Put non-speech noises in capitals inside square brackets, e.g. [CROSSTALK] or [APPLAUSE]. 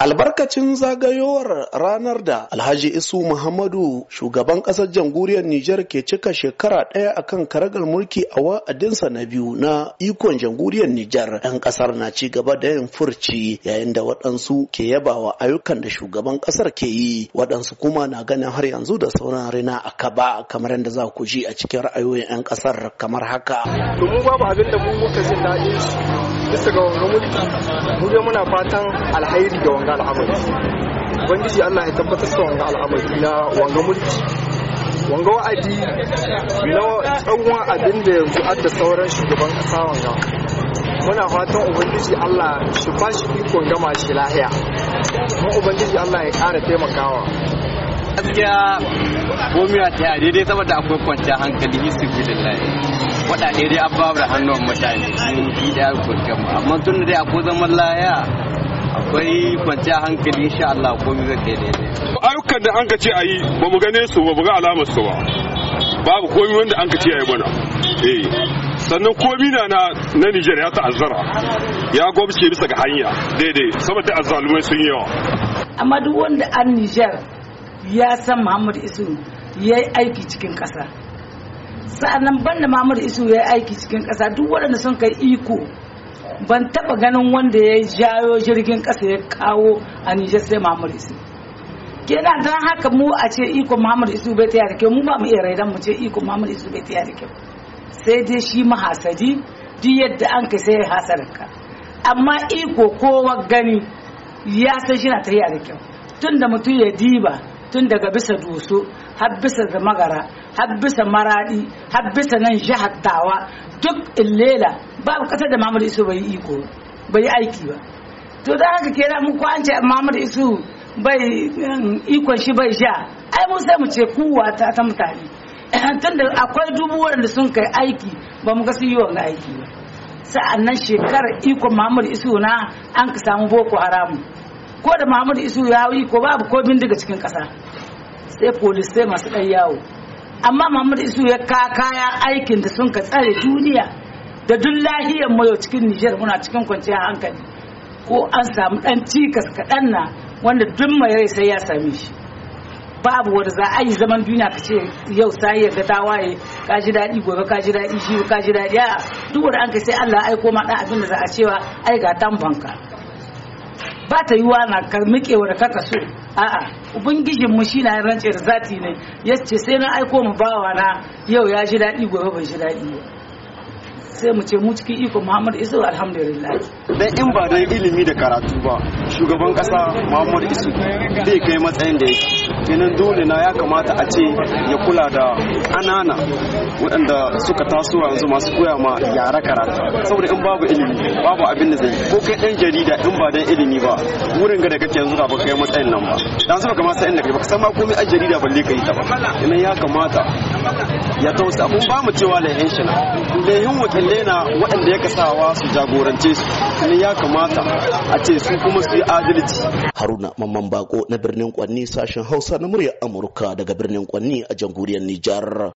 Albarkacin zagayowar ranar da Alhaji Isu Muhammadu shugaban ƙasar jamhuriyar Nijar ke cika shekara ɗaya akan karagar mulki a wa'adinsa na biyu na ikon jamhuriyar Nijar 'yan ƙasar na ci gaba da yin furci yayin da waɗansu ke yabawa ayyukan da shugaban ƙasar ke yi waɗansu kuma na ganin har yanzu da sauran rina a kaba kamar yadda za ku ji a cikin ra'ayoyin 'yan ƙasar kamar haka. Domin babu abin da mu muka jin daɗin bisa ga wanga mulki mu dai muna fatan alhairi da wanga al'amari ubangiji Allah ya tabbatar da wanga al'amari na wanga mulki wanga wa'adi na tsawon abin da yanzu da sauran shugaban kasa wanga muna fatan ubangiji Allah shi fashi shi ikon gama shi lahiya kuma ubangiji Allah ya ƙara taimakawa gaskiya komi a taya daidai saboda akwai kwanciyar hankali hisu bidillahi waɗanda dai da hannun mutane sun fi da kwanciyar amma tun da dai akwai zaman laya akwai kwanciyar hankali insha Allah komi zai kai daidai ayyukan da an ka ce a yi ba mu gane su ba mu ga alamar su ba babu komi wanda an ka ce a yi mana eh sannan komi na na Nijar ya ta'azzara ya gwamce bisa ga hanya daidai saboda azzalumai sun yawa amma duk wanda an Nijar ya san Muhammad isu ya yi aiki cikin ƙasa sa'annan banda Muhammad isu ya yi aiki cikin kasa duk waɗanda sun kai iko ban taɓa ganin wanda ya jayo jirgin kasa ya kawo a nijar sai Muhammad isu Kena don haka mu a ce iko Muhammad isu bai taya da kyau mu ba mu iya raidan mu ce iko Muhammad isu bai taya da kyau sai dai shi mahasadi duk yadda an kai sai hasarinka amma iko kowa gani ya san shi na tafiya da kyau tun da mutum ya diba tun daga bisa dusu har bisa magara har bisa maradi har bisa nan jihar tawa duk illela ba kasar da mamadu isu bai iko bai aiki ba to da haka kera mu ko an ce mamadu isu bai um, ikon shi bai sha ai mu sai mu ce kuwa ta ta mutane [COUGHS] tun da akwai dubu waɗanda sun kai aiki ba mu ga sun yi aiki ba sa'annan shekarar iko mamadu isu na an ka samu boko haramu ko da muhammadu isu ya yi ko babu ko bindiga cikin ƙasa sai polis sai masu ɗan yawo amma muhammadu isu ya ka kaya aikin da sun ka tsare duniya da duk lahiyar mayo cikin nijar muna cikin kwanciyar hankali ko an samu ɗan cikas kaɗan na wanda duk mai sai ya same shi babu wanda za a yi zaman duniya ka ce yau sai ya ga ta waye ka ji daɗi gobe ka ji daɗi shi ka ji daɗi duk wanda an ka sai Allah aiko ma ɗan abin da za a cewa ai ga tambanka ba ta yiwa na karmikewa da kaka so a'a ubangijin mu shi na rance da zati ne ya ce sai na aiko mu bawa na yau ya ji daɗi gobe bai ji daɗi ba sai mu ce mu cikin iko Muhammadu isa alhamdulillah dan in ba dan ilimi da karatu ba shugaban kasa Muhammadu Isu bai kai matsayin da yake kenan dole na ya kamata a ce ya kula da anana waɗanda suka taso yanzu masu koya ma yara karatu saboda in babu ilimi babu abin da zai yi ko kai ɗan jarida in ba dan ilimi ba wurin ga da kake yanzu ba kai matsayin nan ba dan saboda kamar sai inda kai ba san ma komai a jarida balle kai ta ba kenan ya kamata ya tausa mun ba mu cewa laihin shi na laihin wakilai na waɗanda ya kasawa su jagorance su kenan ya kamata a ce su kuma su yi adalci haruna mamman bako na birnin kwanni sashen hausa na muryar amurka daga birnin kwanni a jamhuriyar nijar